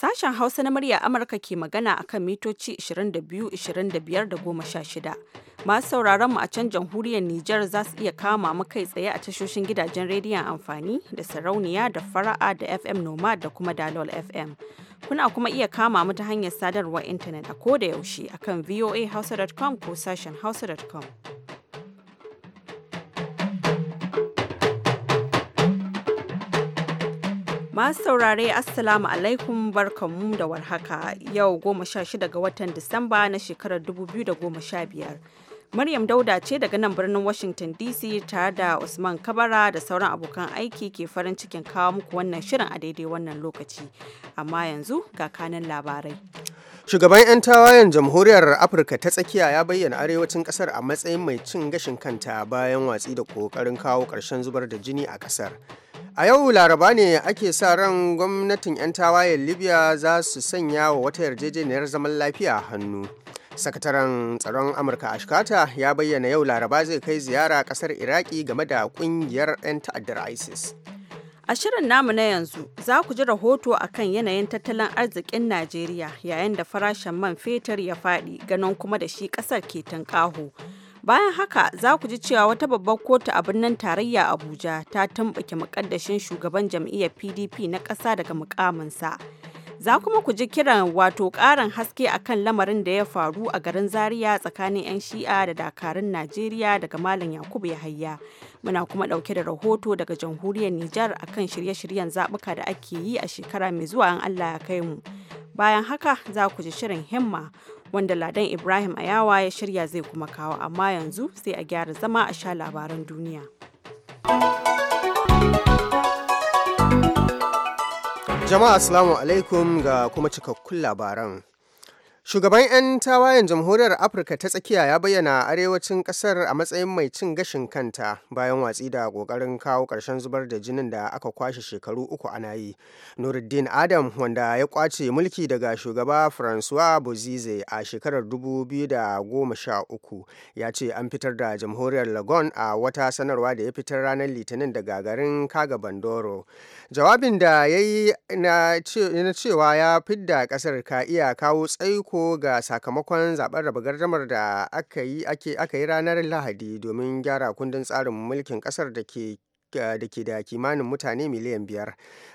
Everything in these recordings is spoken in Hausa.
Sashen Hausa na murya Amurka ke magana akan mitoci 22, 25 16. Masu sauraron mu a can jamhuriyar Nijar za su iya kama mu kai tsaye a tashoshin gidajen rediyon amfani da sarauniya da fara'a da FM Nomad da kuma Dalol FM. Kuna kuma iya kama mu ta hanyar sadarwar intanet a koda yaushe kan voahausa.com ko sashen hausa.com. Masu saurare Assalamu alaikum barkanmu da warhaka yau goma sha shida ga watan Disamba na shekarar 2015. Maryam Dauda ce daga nan birnin Washington DC tare da Usman Kabara da sauran abokan aiki ke farin cikin kawo muku wannan shirin a daidai wannan lokaci. Amma yanzu ga kanan labarai. Shugaban 'yan tawayen jamhuriyar Afirka ta tsakiya ya bayyana arewacin kasar a matsayin mai cin gashin kanta bayan watsi da kokarin kawo ƙarshen zubar da jini a kasar. A yau laraba ne ake sa ran gwamnatin 'yan tawayen Libya za su sanya wa wata yarjejeniyar zaman lafiya hannu. Sakataren tsaron Amurka Ashkata ya bayyana yau laraba zai kai ziyara kasar Iraki game da kungiyar 'yan ta'addar ISIS. A shirin namu na yanzu za ku ji rahoto a kan yanayin tattalin arzikin Najeriya yayin da farashin man fetur ya faɗi ganin kuma da shi ƙasar ke tunƙaho. Bayan haka za ku ji cewa wata babbar kotu a birnin tarayya Abuja ta tumbuke mukaddashin shugaban jam'iyyar PDP na ƙasa daga mukaminsa. Za kuma ku ji kiran wato ƙarin haske akan lamarin da ya faru a garin Zaria tsakanin 'yan Shi'a da dakarun Najeriya daga Malam Yakubu Yahaya. Muna kuma ɗauke da rahoto daga jamhuriyar Nijar akan shirye-shiryen zaɓuka da ake yi a shekara mai zuwa an Allah ya kai mu. Bayan haka za ku ji shirin himma wanda Ladan Ibrahim Ayawa ya shirya zai kuma kawo amma yanzu sai a gyara zama a sha labaran duniya. Jama'a Assalamu alaikum ga kuma cikakkun labaran. Shugaban 'yan tawayen jamhuriyar Afirka ta tsakiya ya bayyana arewacin kasar a matsayin mai cin gashin kanta bayan watsi da kokarin kawo ƙarshen zubar da jinin da aka kwashe shekaru uku ana yi. Nuruddin Adam wanda ya kwace mulki daga shugaba Francois Bozize a shekarar 2013 ya ce an fitar da jamhuriyar Lagon a wata sanarwa da ya fitar ranar Litinin daga garin Kaga Bandoro. Jawabin da ya yi na cewa ya fidda kasar ka iya kawo tsaiko Ko ga sakamakon zaben raba gardamar da aka yi ranar Lahadi domin gyara kundin tsarin mulkin kasar da ke da ke da kimanin mutane miliyan biyar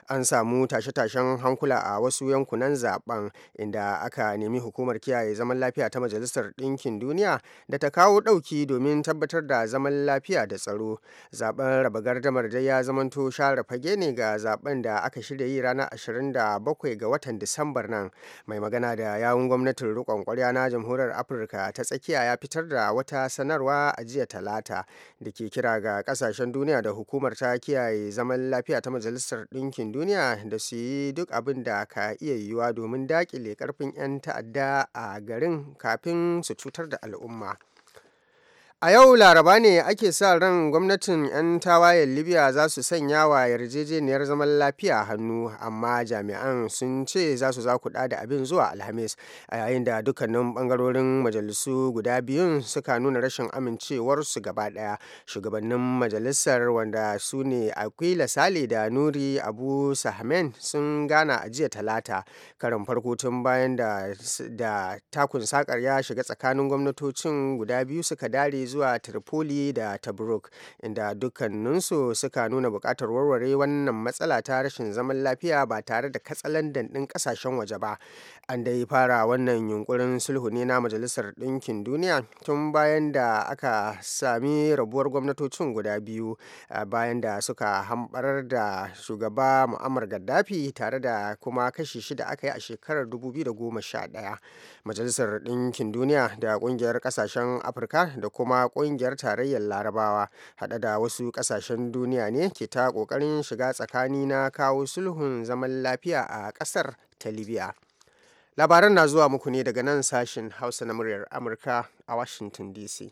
an samu tashe-tashen hankula a wasu yankunan zaben inda aka nemi hukumar kiyaye zaman lafiya ta majalisar ɗinkin duniya da ta kawo ɗauki domin tabbatar da zaman lafiya da tsaro zaben raba gardamar dai ya zamanto share fage ne ga zaben da aka shirya yi ranar 27 ga watan disambar nan mai magana da yawun gwamnatin rikon kwarya na jamhuriyar afirka ta tsakiya ya fitar da wata sanarwa a jiya talata da ke kira ga ƙasashen duniya da hukumar hukumar ta kiyaye zaman lafiya ta majalisar ɗinkin duniya da su yi duk abin da ka iya yiwuwa domin daƙile ƙarfin 'yan ta'adda a garin kafin su cutar da al'umma A yau Laraba ne ake sa ran gwamnatin 'yan tawayen Libya za su sanya wa yarjejeniyar zaman lafiya hannu, amma jami'an sun ce za su zakuɗa da abin zuwa Alhamis, a yayin da dukkanin bangarorin majalisu guda biyun suka nuna rashin amincewar su gaba ɗaya. Shugabannin majalisar wanda su ne Aquila Sale da Nuri Abu Sahmen sun gana a jiya Talata, karin farko tun bayan da, takun sakar ya shiga tsakanin gwamnatocin guda biyu suka dare zuwa tripoli da tobruk inda dukkaninsu suka nuna bukatar warware wannan matsala ta rashin zaman lafiya ba tare da katsalandan ɗin ƙasashen waje ba an dai fara wannan yunkurin sulhu ne na majalisar ɗinkin duniya tun bayan da aka sami rabuwar gwamnatocin guda biyu bayan da suka hambarar da shugaba mu'ammar gaddafi tare da kuma kashi shida aka yi a shekarar 2011 majalisar ɗinkin duniya da ƙungiyar ƙasashen afirka da kuma kungiyar tarayyar larabawa haɗe da wasu ƙasashen duniya ne ke ta ƙoƙarin shiga tsakani na kawo sulhun zaman lafiya a ƙasar ta libya labaran na zuwa muku ne daga nan sashen hausa na muryar amurka a washington dc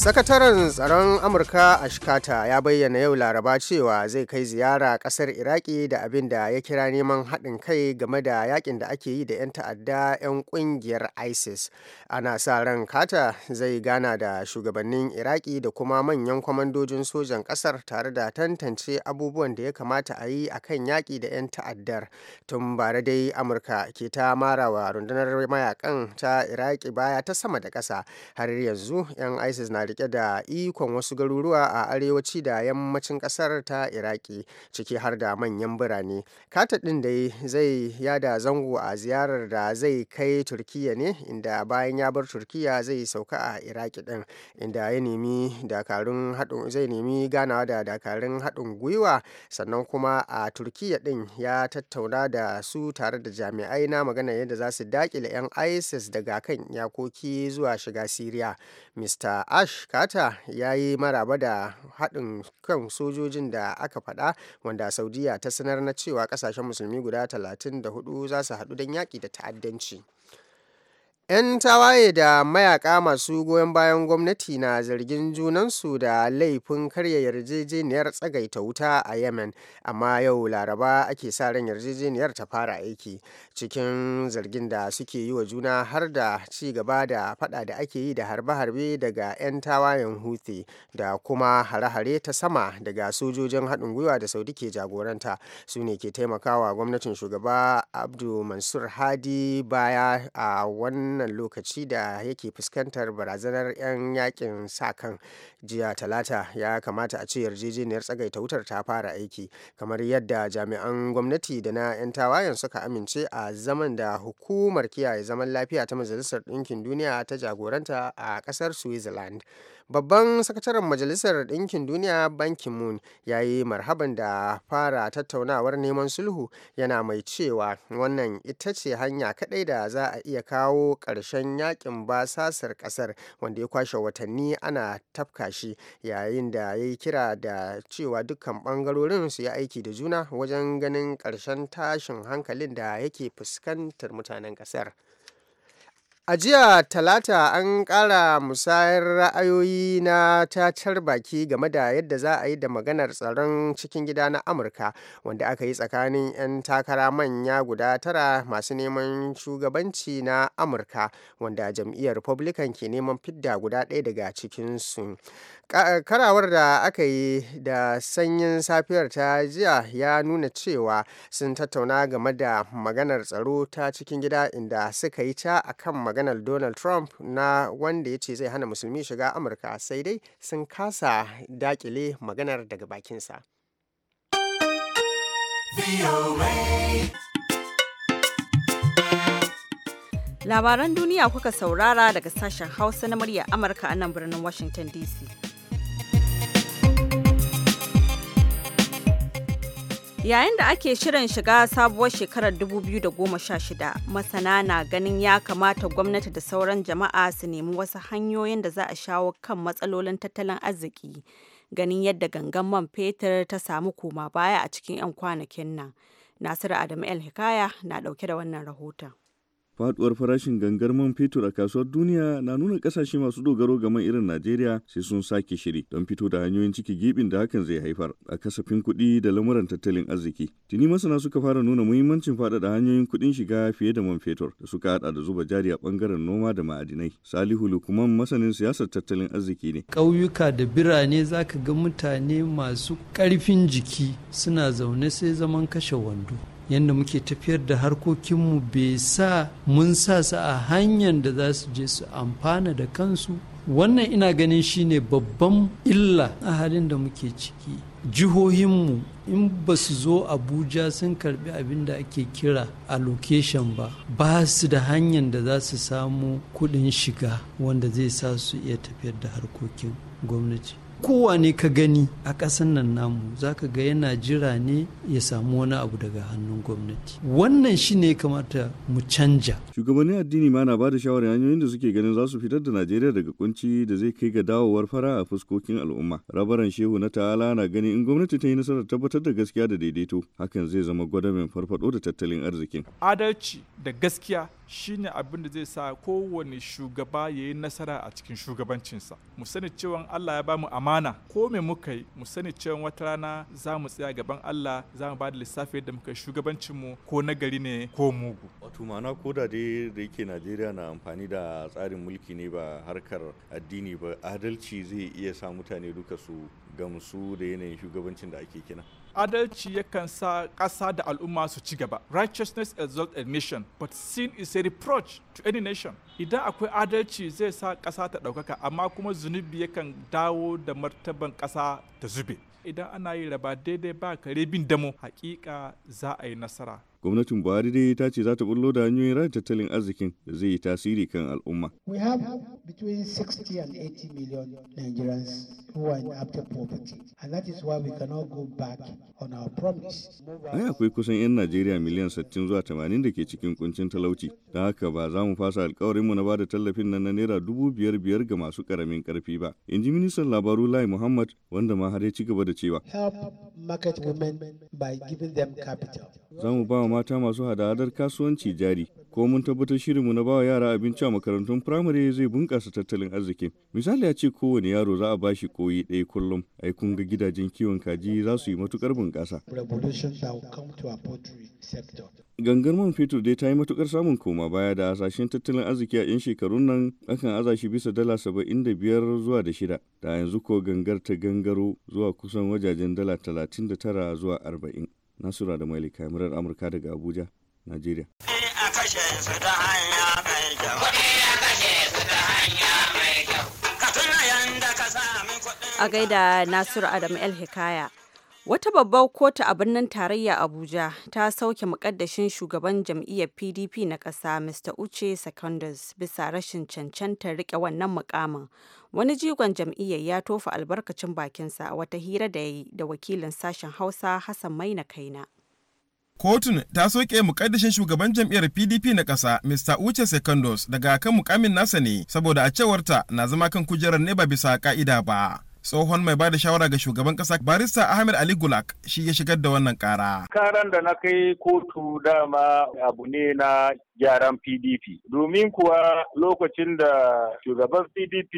Sakataren tsaron Amurka a shikata ya bayyana yau Laraba cewa zai kai ziyara kasar Iraki da abin da ya kira neman haɗin kai game da yakin da ake yi da 'yan ta'adda 'yan ƙungiyar ISIS. Ana sa ran Kata zai gana da shugabannin Iraki da kuma manyan kwamandojin sojan ƙasar tare da tantance abubuwan da ya kamata a yi a kan yaƙi da 'yan ta'addar. Tun bara dai Amurka ke ta marawa rundunar mayakan ta Iraki baya ta sama da ƙasa har yanzu 'yan ISIS na rike da ikon wasu garuruwa a arewaci da yammacin kasar ta iraki ciki har da manyan birane kata din da zai yada zango a ziyarar da zai kai turkiya ne inda bayan ya bar turkiya zai sauka a iraki din inda ya nemi dakarun haɗin zai nemi ganawa da dakarun haɗin gwiwa sannan kuma a turkiya din ya tattauna da su tare da jami'ai na magana yadda za su dakile 'yan isis daga kan iyakoki zuwa shiga siriya mr ash josh carter ya yi maraba da haɗin kan sojojin da aka faɗa wanda saudiya ta sanar na cewa ƙasashen musulmi guda 34 za su haɗu don yaƙi da ta'addanci 'Yan tawaye da mayaka masu goyon bayan gwamnati na zargin junansu da laifin karya yarjejeniyar tsagaita wuta a Yemen, amma yau Laraba ake sa ran yarjejeniyar ta fara aiki, cikin zargin da suke yi wa juna har da ci gaba da faɗa da ake yi da harbe-harbe daga 'yan tawayen huthi da kuma hare-hare ta sama daga sojojin haɗin gwiwa da Saudi ke jagoranta, su ne ke taimakawa gwamnatin shugaba Abdu Mansur Hadi baya a wannan wannan lokaci da yake fuskantar barazanar 'yan yakin sa kan jiya talata ya kamata a ce yarjejeniyar tsagaita wutar ta fara aiki kamar yadda jami'an gwamnati da na 'yan tawayen suka amince a zaman da hukumar kiyaye zaman lafiya ta majalisar ɗinkin duniya ta jagoranta a ƙasar switzerland babban sakataren majalisar ɗinkin duniya ban ki-moon ya yi marhaban da fara tattaunawar neman sulhu yana mai cewa wannan ita ce hanya kaɗai da za a iya kawo ƙarshen yakin basasar ƙasar wanda ya kwashe watanni ana tafka shi yayin da ya yi kira da cewa dukkan ɓangarorin su yi aiki da juna wajen ganin ƙarshen tashin hankalin da yake fuskantar mutanen ƙasar. A jiya Talata an ƙara musayar ra'ayoyi na tacar baki game da yadda za a yi da maganar tsaron cikin gida na Amurka wanda aka yi tsakanin 'yan takara manya guda tara masu neman shugabanci na Amurka wanda jam'iyyar Republican ke neman fidda guda ɗaya daga cikinsu. Karawar da aka yi da sanyin safiyar ta jiya ya nuna cewa sun tattauna game da maganar tsaro ta cikin gida inda suka yi ta akan maganar maganar donald trump na wanda ya ce zai hana musulmi shiga amurka sai dai sun kasa dakile maganar daga bakinsa labaran duniya kuka saurara daga sashen hausa na murya amurka a nan birnin washington dc Yayin da ake shirin shiga sabuwar shekarar 2016, masana na ganin ya kamata gwamnati da sauran jama'a su nemi wasu hanyoyin da za a shawo kan matsalolin tattalin arziki, ganin yadda gangan man fetur ta samu koma baya a cikin 'yan kwanakin nan. Nasiru Adamu El Hikaya na ɗauke da wannan rahoton. Faduwar farashin gangar man fetur a kasuwar duniya na nuna kasashe masu dogaro ga man irin Najeriya sai sun sake shiri don fito da hanyoyin ciki gibin da hakan zai haifar a kasafin kuɗi da lamuran tattalin arziki. Tuni masana suka fara nuna muhimmancin faɗaɗa hanyoyin kuɗin shiga fiye da man fetur da suka haɗa da zuba jari a ɓangaren noma da ma'adinai. Salihu Lukuman masanin siyasar tattalin arziki ne. Ƙauyuka da birane zaka ga mutane masu ƙarfin jiki suna zaune sai zaman kashe wando. yadda muke tafiyar da harkokinmu bai sa mun sa su a hanyar da za su je su amfana da kansu wannan ina ganin shi ne babban illa a halin da muke ciki jihohinmu in ba su zo abuja sun karbi abin da ake kira a location ba ba su da hanyar da za su samu kudin shiga wanda zai sa su iya tafiyar da harkokin gwamnati kowane ka gani a ƙasan nan namu za ka ga yana jira ne ya samu wani abu daga hannun gwamnati wannan shi ne kamata mu canja shugabannin addini ma na bada da shawarar hanyoyin da suke ganin za su fitar da najeriya daga kunci da zai kai ga dawowar fara a fuskokin al'umma rabaran shehu na ta'ala na gani in gwamnati ta yi nasarar tabbatar da gaskiya da daidaito hakan zai zama gwadamin farfado da tattalin arzikin adalci da gaskiya shine abin da zai sa kowane shugaba ya yi nasara a cikin shugabancinsa mu sani cewa Allah ya bamu amana ko me muka yi mu sani cewa wata rana za mu tsaya gaban Allah za mu ba da lissafi da muka shugabancin mu ko nagari ne ko mugu wato ma'ana ko da dai da yake Najeriya na amfani da tsarin mulki ne ba harkar addini ba adalci zai iya sa mutane duka su gamsu da yanayin shugabancin da ake kina adalci yakan sa ƙasa da al'umma su ci gaba righteousness exalt a nation but sin is a reproach to any nation idan akwai adalci zai sa ƙasa ta ɗaukaka amma kuma zunubi yakan dawo da martaban ƙasa ta zube idan ana yi raba daidai ba ka bin damo haƙiƙa za a yi nasara Gwamnatin Buhari dai ta ce za ta bullo da hanyoyin rai tattalin arzikin da zai yi tasiri kan al'umma. We have between 60 and 80 million Nigerians who are in after poverty and that is why we cannot go back on our promise. Ai akwai kusan 'yan Najeriya miliyan 60 zuwa 80 da ke cikin kuncin talauci. Da haka ba za mu fasa alkawarinmu na bada tallafin nan na naira dubu biyar biyar ga masu karamin karfi ba. In ji ministan labaru Lai Muhammad wanda ma har ya ci gaba da cewa. Help market women by giving them capital. za mu ba wa mata masu hada kasuwanci jari ko mun tabbatar shirinmu na bawa yara abinci a makarantun firamare zai bunƙasa tattalin arziki misali a ce kowane yaro za a ba shi koyi ɗaya kullum ai kun ga gidajen kiwon kaji za su yi matukar bunƙasa gangar man fetur dai ta yi matukar samun koma baya da hasashen tattalin arziki a 'yan shekarun nan akan aza shi bisa dala saba'in da biyar zuwa da shida da yanzu ko gangar ta gangaro zuwa kusan wajajen dala talatin da tara zuwa arba'in Nasura da Maili kamarar Amurka daga Abuja, Najeriya. a A gaida Nasiru Adam El Hikaya. Wata babbar kotu a birnin tarayya Abuja ta sauke mukaddashin shugaban jam'iyyar PDP na ƙasa Mr. Uche Secondus bisa rashin cancantar riƙe wannan mukamin. Wani jigon jam'iyyar ya tofa albarkacin bakinsa a wata hira da ya yi da wakilin sashen Hausa Hassan Maina Kaina. Kotun ta soke mukaddashin shugaban jam'iyyar PDP na ƙasa Mr. Uche Secondus daga kan mukamin nasa ne saboda a cewarta na zama kan kujerar ne ba bisa ka'ida ba. tsohon mai bada shawara ga shugaban kasa barista ahmed ali gulak shi ya shigar da wannan kara karan da na kai kotu dama abu ne na gyaran pdp domin kuwa lokacin da shugaban pdp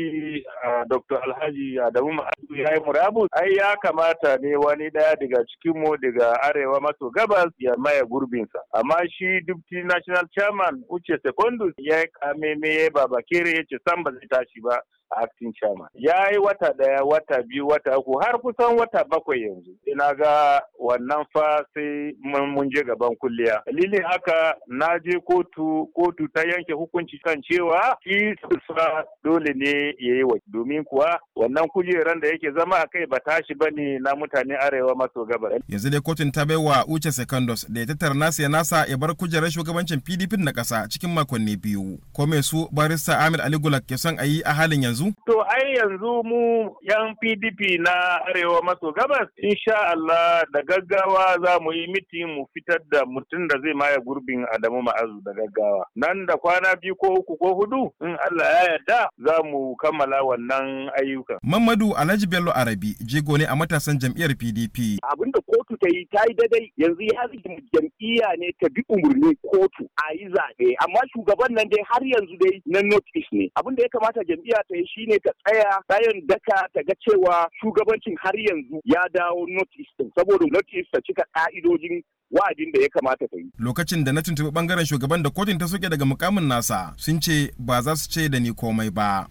dr alhaji adamu ma'adu ya yi murabus ai ya kamata ne wani daya daga cikinmu daga arewa maso gabas ya maye gurbinsa amma shi deputy national chairman uche secondus ya kame me ya babakere ya ce san ba zai tashi ba acting chairman. Ya yi wata ɗaya, wata biyu, wata uku, har kusan wata bakwai yanzu. Ina ga wannan fa sai mun je gaban kulliya. Dalilin haka na je kotu, kotu ta yanke hukunci kan cewa shi fa dole ne ya yi wakil. Domin kuwa wannan kujeran da yake zama a kai ba tashi ba ne na mutane arewa maso gabar. Yanzu dai kotun ta bai wa Uche Secondos da ya tattara nasa ya nasa ya bar kujerar shugabancin PDP na ƙasa cikin makonni biyu. Kome su barista Amir Ali Gulak ke son a yi a halin yanzu yanzu? To ai yanzu mu yan PDP na Arewa maso gabas insha Allah da gaggawa za mu yi miti mu fitar da mutum da zai maye gurbin Adamu Ma'azu da gaggawa. Nan da kwana biyu ko uku ko hudu in Allah ya yarda za mu kammala wannan ayyukan. Mamadu Alhaji Bello Arabi jigo ne a matasan jam'iyyar PDP. Abin da kotu ta yi ta yi daidai yanzu ya jam'iyya ne ta bi umarni kotu a yi zaɓe amma shugaban nan dai har yanzu dai na notice ne. Abin da ya kamata jam'iyya ta yi shine ta tsaya kayan daka ta ga cewa shugabancin har yanzu ya dawo North East saboda North East ta cika ka'idojin wa'adin da ya kamata ta yi. Lokacin da na tuntuɓi bangaren shugaban da kotun ta soke daga mukamin nasa sun ce ba za su ce da ni komai ba.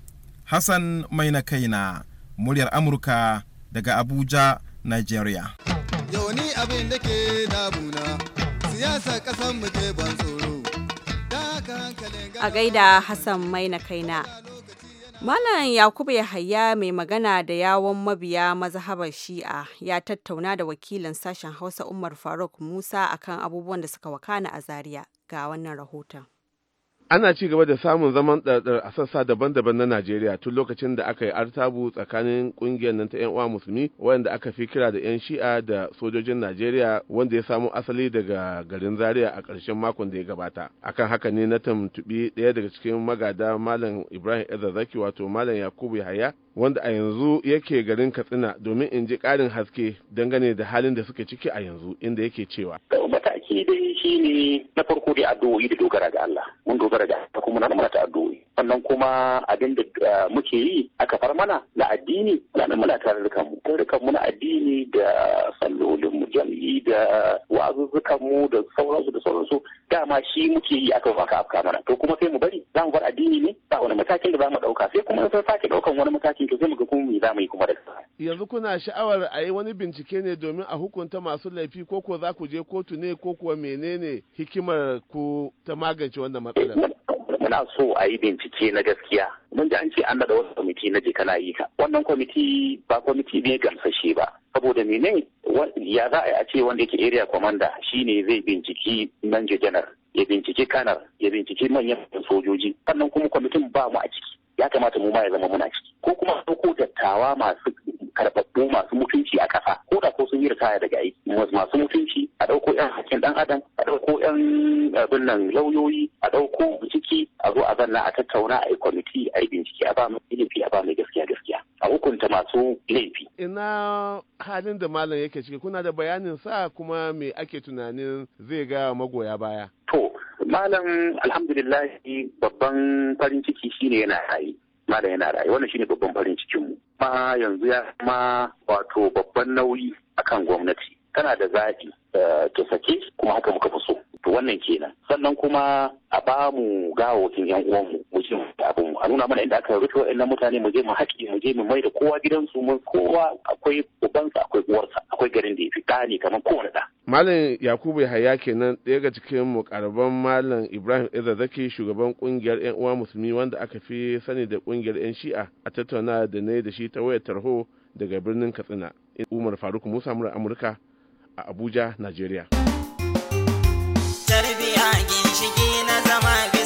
Hassan mai na kaina muryar Amurka daga Abuja, Nigeria. Yau ni abin da ke A gaida Hassan mai na kaina. Malam Yakubu Yahaya mai magana da yawon mabiya mazhabar Shi'a ya tattauna da wakilin sashen Hausa Umar Faruk Musa akan abubuwan da suka wakana a Zaria ga wannan rahoton. ana ci gaba da samun zaman ɗarɗar a sassa daban-daban na Najeriya tun lokacin da aka yi artabu tsakanin ƙungiyar nan ta 'yan uwa musulmi wanda aka fi kira da 'yan shi'a da sojojin Najeriya wanda ya samo asali daga garin Zaria a ƙarshen makon da ya gabata. Akan haka ne na tuntuɓi ɗaya daga cikin magada Malam Ibrahim Ezra Zaki wato Malam Yakubu Yahaya wanda a yanzu yake garin katsina domin in ji ƙarin haske dangane da halin da suke ciki a yanzu inda yake cewa mataki dai shine na farko dai addu'o'i da dogara ga Allah mun dogara ga Allah kuma na mata addu'o'i sannan kuma abin da eh, muke yi aka far mana na addini ranar muna tarurrukan mu tarurrukan mu na addini da sallolin mu Jam'ii da wazuzzukan mu da sauransu da sauransu dama shi muke yi aka baka afka mana to kuma sai mu bari za mu bar addini ne ba wani matakin da za mu dauka sai kuma sai sake daukan wani matakin to sai mu ga kuma me za mu yi kuma da yanzu kuna sha'awar a yi wani bincike ne domin a hukunta masu laifi ko ko za ku je kotu ne ko kuwa menene hikimar ku ta magance wannan matsalar eh, muna so a yi bincike na gaskiya mun ji an ce an da wasu kwamiti na je kana yi ka wannan kwamiti ba kwamiti ne gamsashe ba saboda mene ya za a ce wanda yake area commander shine zai binciki manje janar ya binciki kanar ya binciki manyan sojoji sannan kuma kwamitin ba mu a ciki ya kamata mu ma ya zama muna ciki ko kuma ko dattawa masu karfaffu masu mutunci a kasa ko da ko sun yi ritaya daga aiki masu mutunci a ɗauko 'yan hakkin ɗan adam a ɗauko 'yan abin nan lauyoyi a ɗauko ciki a zo a zanna a tattauna a yi kwamiti a yi bincike a ba mu ilimi a ba mu gaskiya gaskiya a hukunta masu laifi. ina halin da malam yake ciki kuna da bayanin sa kuma me ake tunanin zai ga magoya baya. Malam alhamdulillah babban farin ciki shine yana raye. Malam yana raye wannan shine babban farin cikin mu. Ma yanzu ya ma wato babban nauyi akan gwamnati. Tana da zaɓi eh, ta sake kuma haka muka fi so. To wannan kenan. Sannan kuma a bamu gawokin 'yan uwanmu. a nuna mana inda aka rufe wa'annan mutane mu je mu haƙi mu je mu mai da kowa gidansu mun kowa akwai ubansa akwai uwarsa akwai garin da ya fi ƙani kamar kowane ɗa. Malam Yakubu Yahaya kenan ɗaya ga cikin mukarban Malam Ibrahim Idza Zaki shugaban ƙungiyar 'yan uwa musulmi wanda aka fi sani da ƙungiyar 'yan Shi'a a tattauna da ne da shi ta wayar tarho daga birnin Katsina. Umar Faruk Musa mura Amurka a Abuja, Najeriya. Tarbiya ginshiki na zama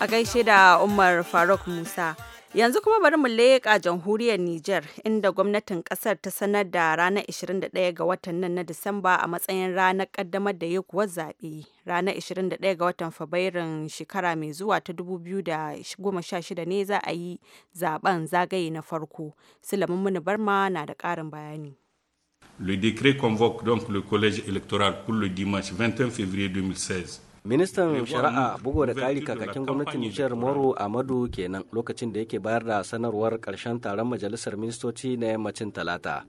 a gaishe da Umar Faruk Musa. Yanzu kuma bari mu leƙa jamhuriyar niger inda gwamnatin ƙasar ta sanar da ranar 21 ga watan nan na Disamba a matsayin ranar ƙaddamar da kuwa zaɓe. Ranar 21 ga watan Fabrairun shekara mai zuwa ta 2016 ne za a yi zaben zagaye na farko. Sulamin Muni Barma na da ƙarin bayani. Le décret convoque donc le collège électoral pour le dimanche 21 février 2016. ministan shari'a bugu da kari kakakin gwamnatin nijar moro amadu kenan lokacin da yake bayar da sanarwar karshen taron majalisar ministoci na yammacin talata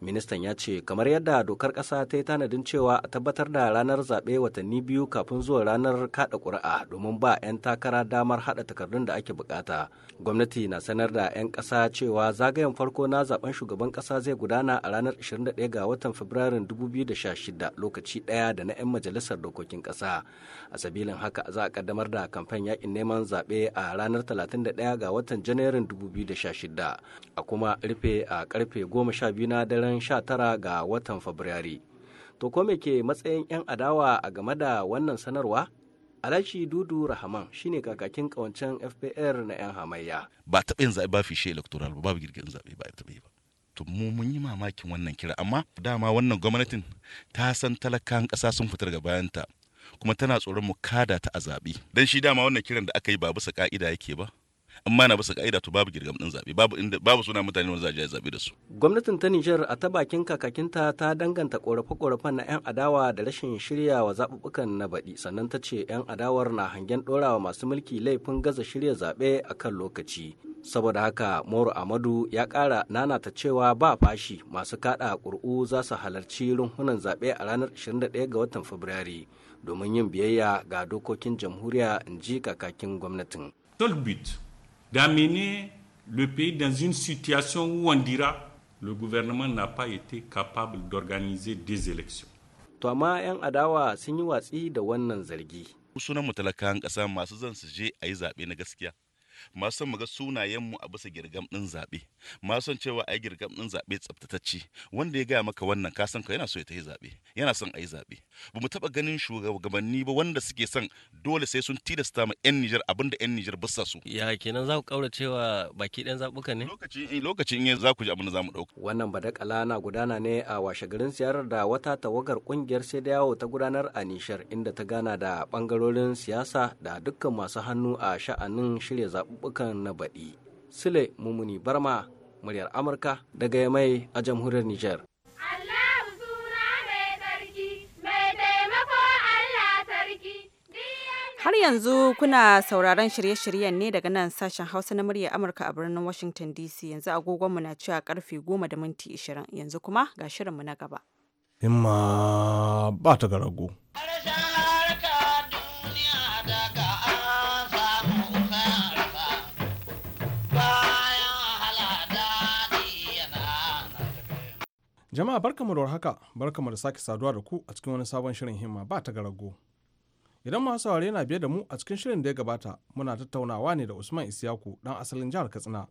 ministan ya ce kamar yadda dokar kasa ta yi tanadin cewa a tabbatar da ranar zaɓe watanni biyu kafin zuwa ranar kaɗa ƙuri'a domin ba 'yan takara damar haɗa takardun da ake bukata gwamnati na sanar da 'yan ƙasa cewa zagayen farko na zaben shugaban ƙasa zai gudana a ranar 21 ga watan fabrairun 2016 lokaci ɗaya da na 'yan majalisar dokokin ƙasa a sabilin haka za a ƙaddamar da kamfen yakin neman zaɓe a ranar 31 ga watan janairun 2016 a kuma rufe a ƙarfe 12 na daren daren 19 ga watan fabrairu to ko me ke matsayin 'yan adawa a game da wannan sanarwa alhaji dudu rahaman shine kakakin kawancen fpr na 'yan hamayya ba taɓa yin zaɓe ba fishe electoral ba babu girgin zaɓe ba taɓa yi ba to mu mun yi mamakin wannan kira amma dama wannan gwamnatin ta san talakan ƙasa sun fitar ga bayanta kuma tana tsoron mu kada ta a zaɓe don shi dama wannan kiran da aka yi ba bisa ka'ida yake ba amma na bisa ka'ida to babu girgam din zabe babu inda babu suna mutane wanda za a zabe da su gwamnatin ta Niger a ta bakin kakakinta ta danganta korafe-korafen na 'yan adawa da rashin shirya wa zaɓuɓɓukan na baɗi sannan ta ce 'yan adawar na hangen ɗorawa masu mulki laifin gaza shirya zaɓe a kan lokaci saboda haka moro amadu ya ƙara nanata cewa ba fashi masu kaɗa ƙuri'u za su halarci runhunan zaɓe a ranar 21 ga watan fabrairu domin yin biyayya ga dokokin jamhuriya in ji kakakin gwamnatin. d'amener le pays dans une situation où on dira le gouvernement n'a pas été capable d'organiser des élections. masu son muga sunayenmu a bisa girgam ɗin zaɓe masu son cewa a yi girgam ɗin zaɓe tsaftatacce wanda ya gaya maka wannan ka san ka yana so ya tafi zaɓe yana son a yi zaɓe ba mu taɓa ganin shugabanni ba wanda suke son dole sai sun tilasta ma 'yan Nijar abinda 'yan Nijar basa su. Ya kenan za ku ƙaura cewa baki ɗan zaɓuka ne? Lokacin eh, in za ku ji abin da za mu ɗauka. Wannan badakala na gudana ne a washe garin ziyarar da wata tawagar ƙungiyar sai da yawo ta gudanar a Nishar inda ta gana da ɓangarorin siyasa da dukkan masu hannu a sha'anin shirya zaɓe. zaɓuɓɓukan na baɗi. Sule Mumuni Barma, muryar Amurka daga Yamai a jamhuriyar Nijar. Har yanzu kuna sauraron shirye-shiryen ne daga nan sashen Hausa na muryar Amurka a birnin Washington DC yanzu agogonmu na cewa karfe 10 da minti 20 yanzu kuma ga shirinmu na gaba. Himma ba ta garago. Jama'a barkamu da warhaka, barkamu da sake saduwa da ku a cikin wani sabon shirin himma ba ta garago. Idan masu saurare yana biye da mu a cikin shirin da ya gabata, muna tattaunawa ne da Usman Isiyaku dan asalin jihar Katsina,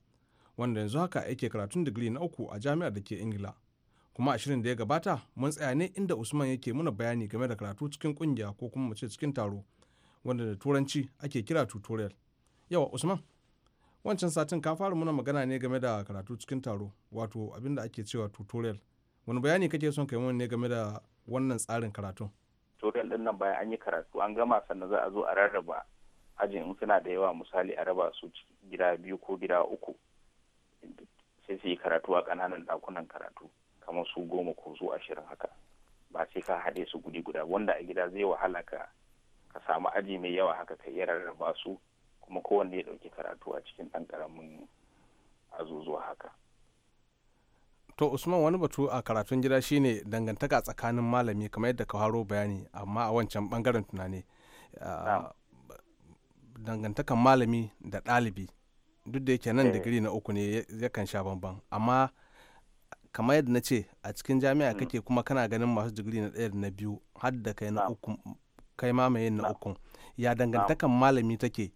wanda yanzu haka yake karatun digiri na uku a jami'ar da ke Ingila. Kuma a shirin da ya gabata, mun tsaya ne inda Usman yake muna bayani game da karatu cikin kungiya ko kuma mu ce cikin taro, wanda da turanci ake kira tutorial. Yawa Usman, wancan satin ka fara muna magana ne game da karatu cikin taro, wato abin da ake cewa tutorial. wani bayani kake son kai ne game da wannan tsarin karatu. tutorial din nan bayan an yi karatu an gama sannan za a zo a rarraba ajin in suna da yawa misali a raba su gida biyu ko gida uku sai su yi karatu a kananan dakunan karatu kamar su goma ko su ashirin haka ba sai ka haɗe su guri guda wanda a gida zai wahala ka ka samu aji mai yawa haka ka iya rarraba su kuma kowanne ya ɗauki karatu a cikin ɗan ƙaramin azuzuwa haka to usman wani batu a karatun gida shine dangantaka tsakanin malami kamar yadda ka haro bayani amma a wancan bangaren tunani ah, dangantakan malami da ɗalibi duk da yake nan eh. digiri na uku ne yakan sha bamban amma kamar yadda na ce a cikin jami'a mm. kake kuma kana ganin masu digiri na ɗaya da na biyu har da kai na uku kai mamaye na uku ya dangantakan malami take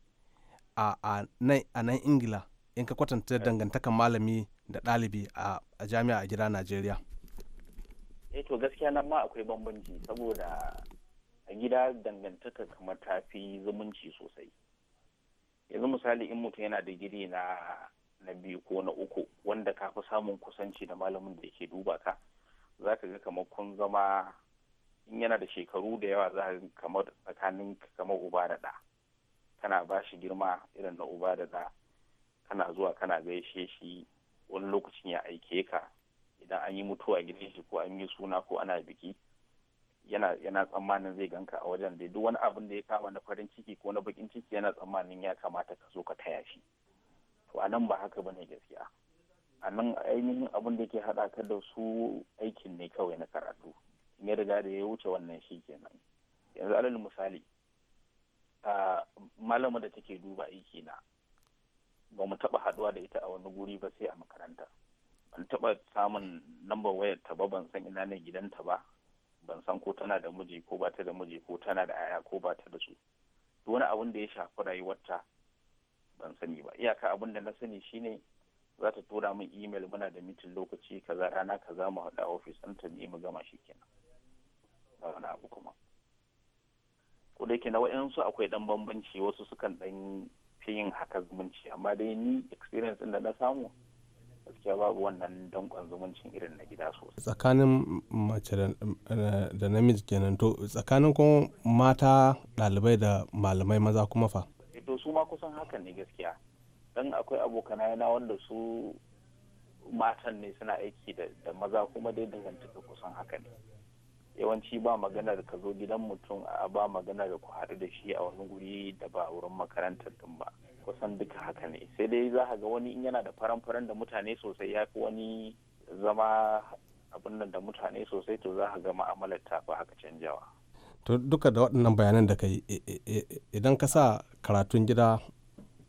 a nan ingila in ka kwatanta eh. dangantakan malami da ɗalibi a jami'a a gida najeriya eh to gaskiya nan ma akwai bambanci saboda a gida dangantaka kamar ta fi zumunci sosai yanzu misali in mutum yana digiri na na biyu ko na uku wanda ka fi samun kusanci da malamin da ke duba ka za ka ga kamar kun zama in yana da shekaru da yawa za ka kamar tsakanin kamar uba da ɗa kana ba shi girma irin na uba da ɗa kana zuwa kana gaishe shi wani lokacin ya aike ka idan an yi mutuwa gidan shi ko an yi suna ko ana biki yana tsammanin zai ganka a wajen dai duk wani abin da ya kama na farin ciki ko na bakin ciki yana tsammanin ya kamata ka zo ka taya shi to a nan ba haka ba ne gaskiya a nan ainihin abin da ke haɗa ka da su aikin ne kawai na karatu in ya riga da ya wuce wannan shi kenan yanzu alal misali malama da take duba aiki na ba mu taɓa haɗuwa da ita a wani guri ba sai a makaranta ban taɓa samun lambar wayar ta ba ban san ina ne gidanta ba ban san ko tana da miji ko ba ta da miji ko tana da aya ko ba ta da su wani abun da ya shafi rayuwarta ban sani ba iyaka abun da na sani shine za ta tura min email muna da mitin lokaci kaza rana kaza mu haɗa ofis an ta mu gama shi kenan ba wani abu kuma ko da yake na waɗansu akwai ɗan bambanci wasu sukan ɗan fi yin haka zumunci amma dai ni experience da na samu gaskiya babu wannan dankon zumuncin irin na gida sosai tsakanin mace da namiji kenan to tsakanin kuma mata ɗalibai da malamai maza kuma fa eh, to su ma kusan hakan ne gaskiya dan akwai abokana yana wanda su matan ne suna aiki da maza kuma dai dangantaka kusan haka ne yawanci ba maganar ka zo gidan mutum a ba maganar ku haɗu da shi a wani guri da ba wurin makarantar din ba kusan duka haka ne sai dai za ka ga wani in yana da faran-faran da mutane sosai ya fi wani zama abin nan da mutane sosai to za ka ga ma'amalar ta fi haka canjawa to duka da waɗannan bayanan da kai idan ka sa karatun gida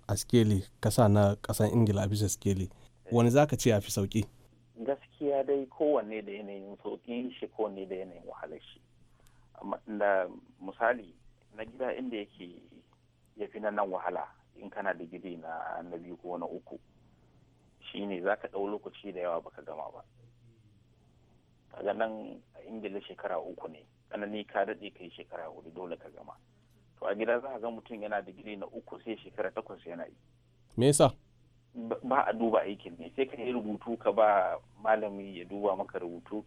a skeli ka sa na ƙasan ingila a bisa skeli wani za ka ce ya fi sauƙi gaskiya dai kowanne da yanayin sauƙin shi kowanne da yanayin wahalar shi da misali na gida inda yake ya fi na nan wahala in kana digiri na na biyu ko na uku shine za ka ɗau lokaci da yawa baka gama ba kaga nan a ingila shekara uku ne tsanani ka daɗe kai shekara hudu dole ka gama to a gida za a ga mutum yana digiri na uku sai shekara takwas yana yi me yasa ba a duba aikin ne sai ka yi rubutu ka ba malami ya duba maka rubutu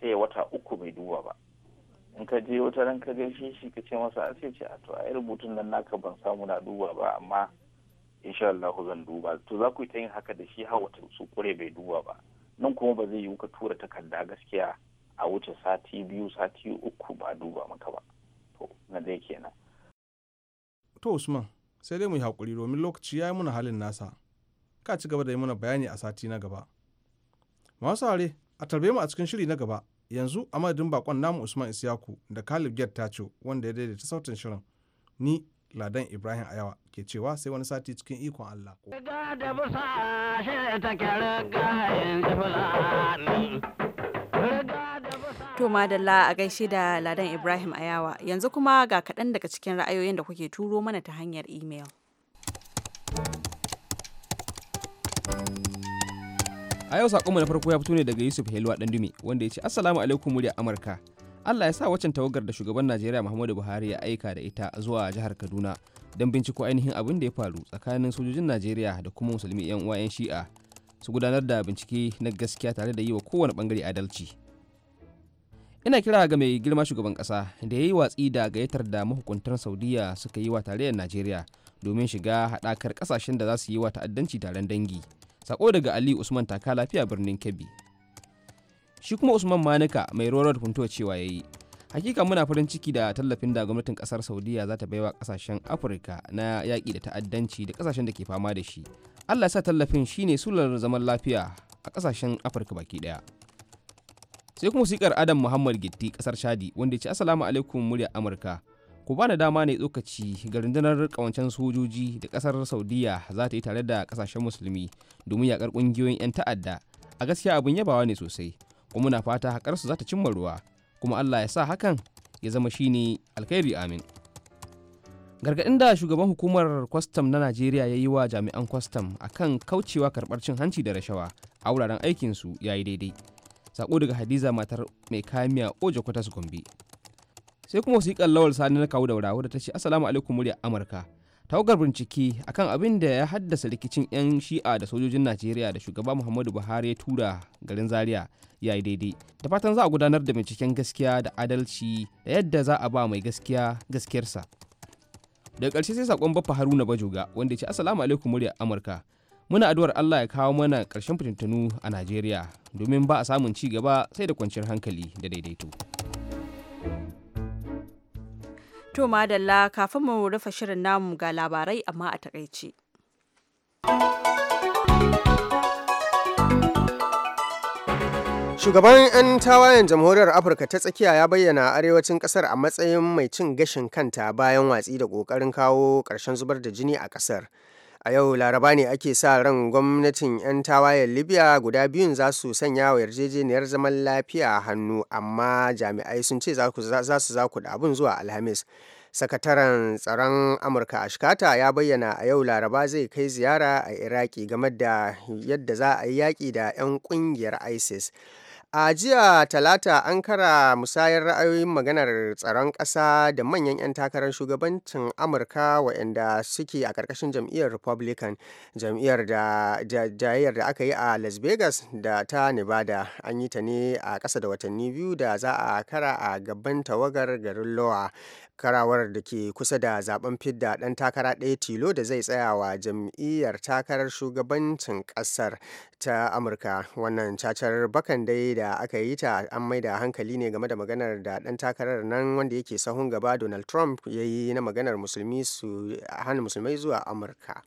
sai ya wata uku bai duba ba in ka je wata ran ka gaishe shi ka ce masa a ah, sai ce a ah, to a yi rubutun nan naka ban samu na duba ba amma insha Allah zan duba to za ku yi ta yin haka da shi har wata su kure bai duba ba nan kuma ba zai yiwu ka tura takarda gaskiya a wuce sati biyu sati uku ba duba maka ba to na dai kenan to Usman sai dai mu yi hakuri domin lokaci ya yi muna halin nasa ka ci gaba da yi mana bayani a sati na gaba masu saurare a tarbe mu a cikin shiri na gaba yanzu a madadin bakon namu usman isyaku da kalib ta tacho wanda ya daidaita sautin shirin ni ladan ibrahim ayawa ke cewa sai wani sati cikin ikon allah To madalla a gaishe da Ladan Ibrahim Ayawa yanzu kuma ga kaɗan daga cikin ra'ayoyin da kuke turo mana ta hanyar imel. a yau sakonmu na farko ya fito ne daga yusuf heluwa dandume wanda ya ce assalamu alaikum murya amurka allah ya sa wacan tawagar da shugaban najeriya muhammadu buhari ya aika da ita zuwa jihar kaduna don binciko ainihin abin da ya faru tsakanin sojojin najeriya da kuma musulmi yan uwa yan shi'a su gudanar da bincike na gaskiya tare da yi wa kowane bangare adalci ina kira ga mai girma shugaban kasa da ya yi watsi da gayyatar da mahukuntar saudiya suka yi wa tarayyar najeriya domin shiga haɗakar ƙasashen da za su yi wa ta'addanci taron dangi Sako daga Ali Usman taka lafiya birnin Kebbi. Shi kuma Usman Manika mai rorar funto cewa ya yi. Hakika muna farin ciki da tallafin da gwamnatin kasar Saudiya za ta baiwa kasashen Afirka na yaƙi da ta'addanci da kasashen da ke fama da shi. Allah sa tallafin shi ne sular zaman lafiya a kasashen Afirka baki ɗaya. Sai kuma sikar Adam Muhammad Gitti kasar Shadi wanda ya ce Assalamu alaikum murya Amurka. ku da dama ne tsokaci ga rundunar kawancen sojoji da kasar saudiya za ta yi tare da kasashen musulmi domin yakar kungiyoyin 'yan ta'adda a gaskiya abin yabawa ne sosai kuma muna fata hakarsu za ta cimma ruwa kuma allah ya sa hakan ya zama shine alkhairi amin gargaɗin da shugaban hukumar kwastam na najeriya ya yi wa jami'an kwastam a kan kaucewa karɓar cin hanci da rashawa a wuraren aikinsu ya yi daidai sako daga hadiza matar mai kamiya oja kwatas gombe sai kuma wasu wasiƙar lawal sani na kawo daura wadda ta ce "Asalamu alaikum murya amurka tawagar bincike akan abin da ya haddasa rikicin 'yan shi'a da sojojin najeriya da shugaba muhammadu buhari ya tura garin zaria ya yi daidai da fatan za a gudanar da binciken gaskiya da adalci da yadda za a ba mai gaskiya gaskiyarsa daga ƙarshe sai saƙon baffa haruna bajoga wanda ya ce "Asalamu alaikum murya amurka muna addu'ar allah ya kawo mana ƙarshen fitintunu a najeriya domin ba a samun ci gaba sai da kwanciyar hankali da daidaito To madalla kafin mu rufe shirin namu ga labarai amma a takaice. Shugaban 'yan tawayen jamhuriyar Afirka ta tsakiya ya bayyana arewacin kasar a matsayin mai cin gashin kanta bayan watsi da ƙoƙarin kawo ƙarshen zubar da jini a ƙasar. a yau laraba ne ake sa ran gwamnatin 'yan tawayen libya guda biyun za su sanya wa yarjejeniyar zaman lafiya hannu amma jami'ai sun ce za su da abin zuwa alhamis sakataren tsaron amurka a shikata ya bayyana a yau laraba zai kai ziyara a iraki game da yadda za a yi yaƙi da 'yan ƙungiyar isis a jiya talata an kara musayar ra'ayoyin maganar tsaron ƙasa da manyan 'yan takarar shugabancin amurka waɗanda suke a ƙarƙashin jam'iyyar republican jam'iyyar da jayayyar da aka yi a las vegas da ta nevada an yi ta ne a ƙasa da watanni biyu da za a kara a gaban tawagar garin lowa karawar da ke kusa da zaben fidda dan takara ɗaya tilo da zai tsaya wa jam'iyyar takarar shugabancin ƙasar ta amurka wannan cacar bakan dai da aka yi ta an mai da hankali ne game da maganar da ɗan takarar nan wanda yake sahun gaba donald trump ya yi na maganar musulmi su hana musulmai zuwa amurka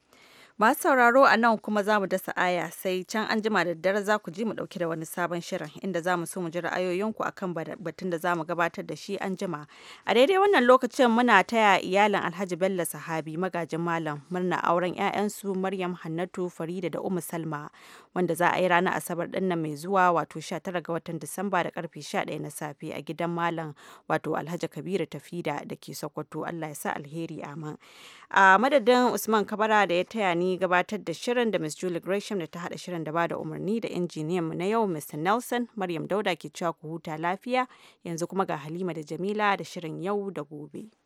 Masu sauraro a nan kuma za mu dasa aya sai can an jima da daddare za ku ji mu ɗauki da wani sabon shirin inda za mu so mu ji ra'ayoyinku a kan batun da za mu gabatar da shi an jima. A daidai wannan lokacin muna taya iyalin Alhaji Bello Sahabi magajin Malam murna auren 'ya'yansu Maryam Hannatu Farida da Umu Salma wanda za a yi ranar asabar din nan mai zuwa wato 19 ga watan disamba da karfe 11 na safe a gidan malam wato alhaji kabiru tafida da ke sokoto allah ya sa alheri amin a madadin usman kabara da ya taya ni gabatar da shirin da miss julie gresham da ta hada shirin da ba da umarni da injiniyan mu na yau mr nelson maryam dauda ke cewa ku huta lafiya yanzu kuma ga halima da jamila da shirin yau da gobe